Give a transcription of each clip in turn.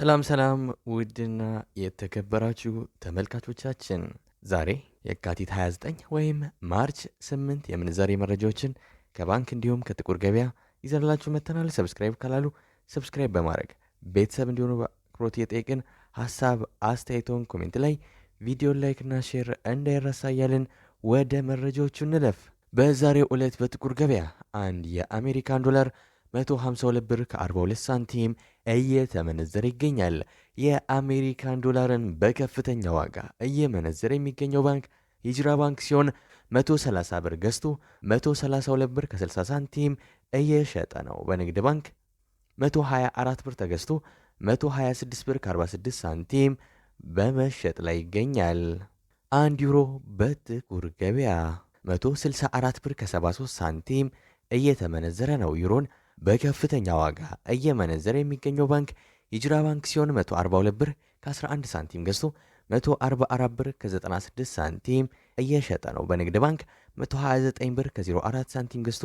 ሰላም ሰላም ውድና የተከበራችሁ ተመልካቾቻችን ዛሬ የካቲት 29 ወይም ማርች 8 የምንዛሬ መረጃዎችን ከባንክ እንዲሁም ከጥቁር ገበያ ይዘንላችሁ መተናል። ሰብስክራይብ ካላሉ ሰብስክራይብ በማድረግ ቤተሰብ እንዲሆኑ በአክብሮት እየጠየቅን ሀሳብ አስተያየቶን ኮሜንት ላይ ቪዲዮ ላይክና ሼር እንዳይረሳ እያልን ወደ መረጃዎቹ እንለፍ። በዛሬው ዕለት በጥቁር ገበያ አንድ የአሜሪካን ዶላር 152 ብር ከ42 ሳንቲም እየተመነዘረ ይገኛል። የአሜሪካን ዶላርን በከፍተኛ ዋጋ እየመነዘረ የሚገኘው ባንክ ሂጅራ ባንክ ሲሆን 130 ብር ገዝቶ 132 ብር ከ60 ሳንቲም እየሸጠ ነው። በንግድ ባንክ 124 ብር ተገዝቶ 126 ብር ከ46 ሳንቲም በመሸጥ ላይ ይገኛል። አንድ ዩሮ በጥቁር ገበያ 164 ብር ከ73 ሳንቲም እየተመነዘረ ነው። ዩሮን በከፍተኛ ዋጋ እየመነዘረ የሚገኘው ባንክ የጅራ ባንክ ሲሆን 142 ብር ከ11 ሳንቲም ገዝቶ 144 ብር ከ96 ሳንቲም እየሸጠ ነው። በንግድ ባንክ 129 ብር ከ04 ሳንቲም ገዝቶ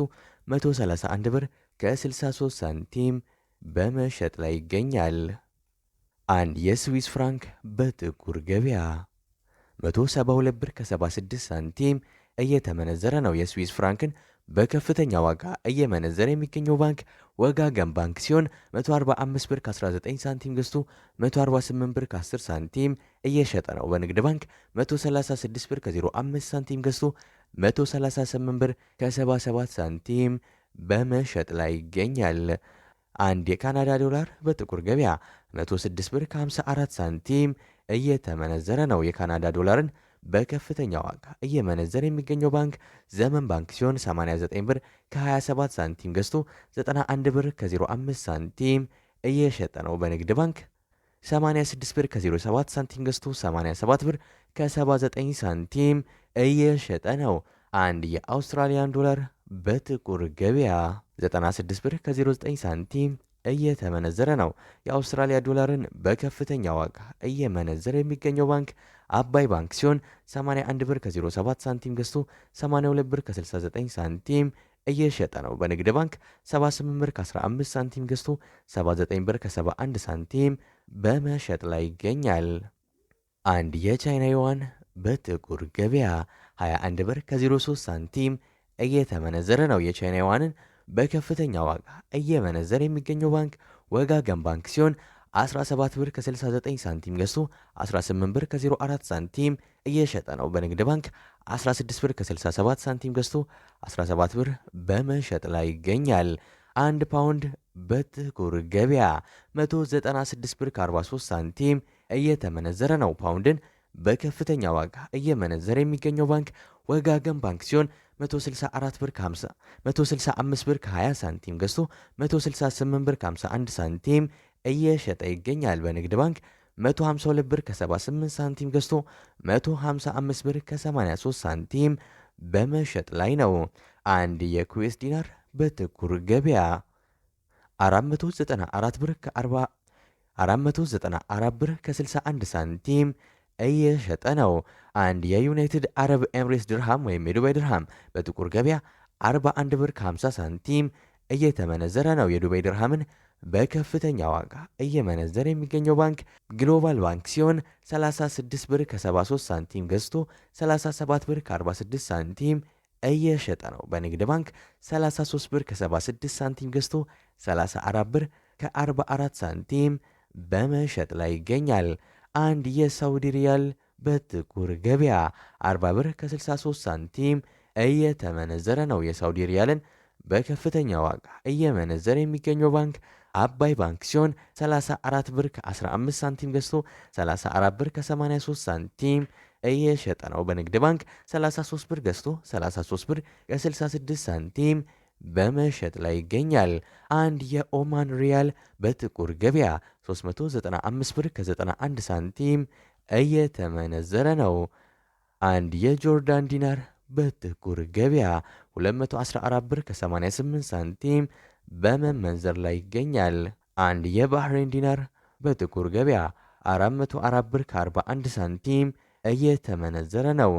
131 ብር ከ63 ሳንቲም በመሸጥ ላይ ይገኛል። አንድ የስዊስ ፍራንክ በጥቁር ገበያ 172 ብር ከ76 ሳንቲም እየተመነዘረ ነው። የስዊስ ፍራንክን በከፍተኛ ዋጋ እየመነዘረ የሚገኘው ባንክ ወጋገን ባንክ ሲሆን 145 ብር ከ19 ሳንቲም ገዝቶ 148 ብር ከ10 ሳንቲም እየሸጠ ነው። በንግድ ባንክ 136 ብር ከ05 ሳንቲም ገዝቶ 138 ብር ከ77 ሳንቲም በመሸጥ ላይ ይገኛል። አንድ የካናዳ ዶላር በጥቁር ገበያ 106 ብር ከ54 ሳንቲም እየተመነዘረ ነው። የካናዳ ዶላርን በከፍተኛ ዋጋ እየመነዘር የሚገኘው ባንክ ዘመን ባንክ ሲሆን 89 ብር ከ27 ሳንቲም ገዝቶ 91 ብር ከ05 ሳንቲም እየሸጠ ነው። በንግድ ባንክ 86 ብር ከ07 ሳንቲም ገዝቶ 87 ብር ከ79 ሳንቲም እየሸጠ ነው። አንድ የአውስትራሊያን ዶላር በጥቁር ገበያ 96 ብር ከ09 ሳንቲም እየተመነዘረ ነው። የአውስትራሊያ ዶላርን በከፍተኛ ዋጋ እየመነዘረ የሚገኘው ባንክ አባይ ባንክ ሲሆን 81 ብር ከ07 ሳንቲም ገዝቶ 82 ብር ከ69 ሳንቲም እየሸጠ ነው። በንግድ ባንክ 78 ብር ከ15 ሳንቲም ገዝቶ 79 ብር ከ71 ሳንቲም በመሸጥ ላይ ይገኛል። አንድ የቻይና ዩዋን በጥቁር ገበያ 21 ብር ከ03 ሳንቲም እየተመነዘረ ነው። የቻይና ዩዋንን በከፍተኛ ዋጋ እየመነዘረ የሚገኘው ባንክ ወጋገን ባንክ ሲሆን 17 ብር ከ69 ሳንቲም ገዝቶ 18 ብር ከ04 ሳንቲም እየሸጠ ነው። በንግድ ባንክ 16 ብር ከ67 ሳንቲም ገዝቶ 17 ብር በመሸጥ ላይ ይገኛል። አንድ ፓውንድ በጥቁር ገበያ 196 ብር ከ43 ሳንቲም እየተመነዘረ ነው። ፓውንድን በከፍተኛ ዋጋ እየመነዘረ የሚገኘው ባንክ ወጋገን ባንክ ሲሆን 164 ብር ከ50 165 ብር ከ20 ሳንቲም ገዝቶ 168 ብር ከ51 ሳንቲም እየሸጠ ይገኛል። በንግድ ባንክ 152 ብር ከ78 ሳንቲም ገዝቶ 155 ብር ከ83 ሳንቲም በመሸጥ ላይ ነው። አንድ የኩዌስ ዲናር በጥቁር ገበያ 494 ብር ከ 494 ብር ከ61 ሳንቲም እየሸጠ ነው። አንድ የዩናይትድ አረብ ኤምሬትስ ድርሃም ወይም የዱባይ ድርሃም በጥቁር ገበያ 41 ብር ከ50 ሳንቲም እየተመነዘረ ነው። የዱባይ ድርሃምን በከፍተኛ ዋጋ እየመነዘረ የሚገኘው ባንክ ግሎባል ባንክ ሲሆን 36 ብር ከ73 ሳንቲም ገዝቶ 37 ብር ከ46 ሳንቲም እየሸጠ ነው። በንግድ ባንክ 33 ብር ከ76 ሳንቲም ገዝቶ 34 ብር ከ44 ሳንቲም በመሸጥ ላይ ይገኛል። አንድ የሳውዲ ሪያል በጥቁር ገበያ 40 ብር ከ63 ሳንቲም እየተመነዘረ ነው። የሳውዲ ሪያልን በከፍተኛ ዋጋ እየመነዘረ የሚገኘው ባንክ አባይ ባንክ ሲሆን 34 ብር ከ15 ሳንቲም ገዝቶ 34 ብር ከ83 ሳንቲም እየሸጠ ነው። በንግድ ባንክ 33 ብር ገዝቶ 33 ብር ከ66 ሳንቲም በመሸጥ ላይ ይገኛል። አንድ የኦማን ሪያል በጥቁር ገበያ 395 ብር ከ91 ሳንቲም እየተመነዘረ ነው። አንድ የጆርዳን ዲናር በጥቁር ገበያ 214 ብር ከ88 ሳንቲም በመመንዘር ላይ ይገኛል። አንድ የባህሬን ዲናር በጥቁር ገበያ 404 ብር ከ41 ሳንቲም እየተመነዘረ ነው።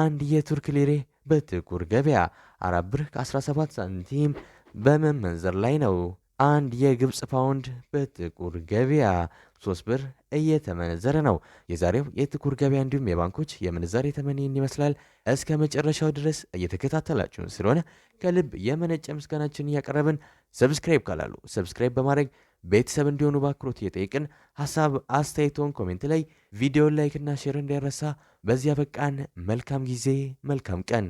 አንድ የቱርክ ሊሬ በጥቁር ገበያ 4 ብር ከ17 ሳንቲም በመመንዘር ላይ ነው። አንድ የግብፅ ፓውንድ በጥቁር ገበያ 3 ብር እየተመነዘረ ነው። የዛሬው የጥቁር ገበያ እንዲሁም የባንኮች የምንዛሬ ተመንን ይመስላል። እስከ መጨረሻው ድረስ እየተከታተላችሁን ስለሆነ ከልብ የመነጨ ምስጋናችን እያቀረብን ሰብስክራይብ ካላሉ ሰብስክራይብ በማድረግ ቤተሰብ እንዲሆኑ በአክብሮት እየጠየቅን ሀሳብ አስተያየቶን ኮሜንት ላይ ቪዲዮን ላይክና ሼር እንዳይረሳ። በዚያ በቃን። መልካም ጊዜ፣ መልካም ቀን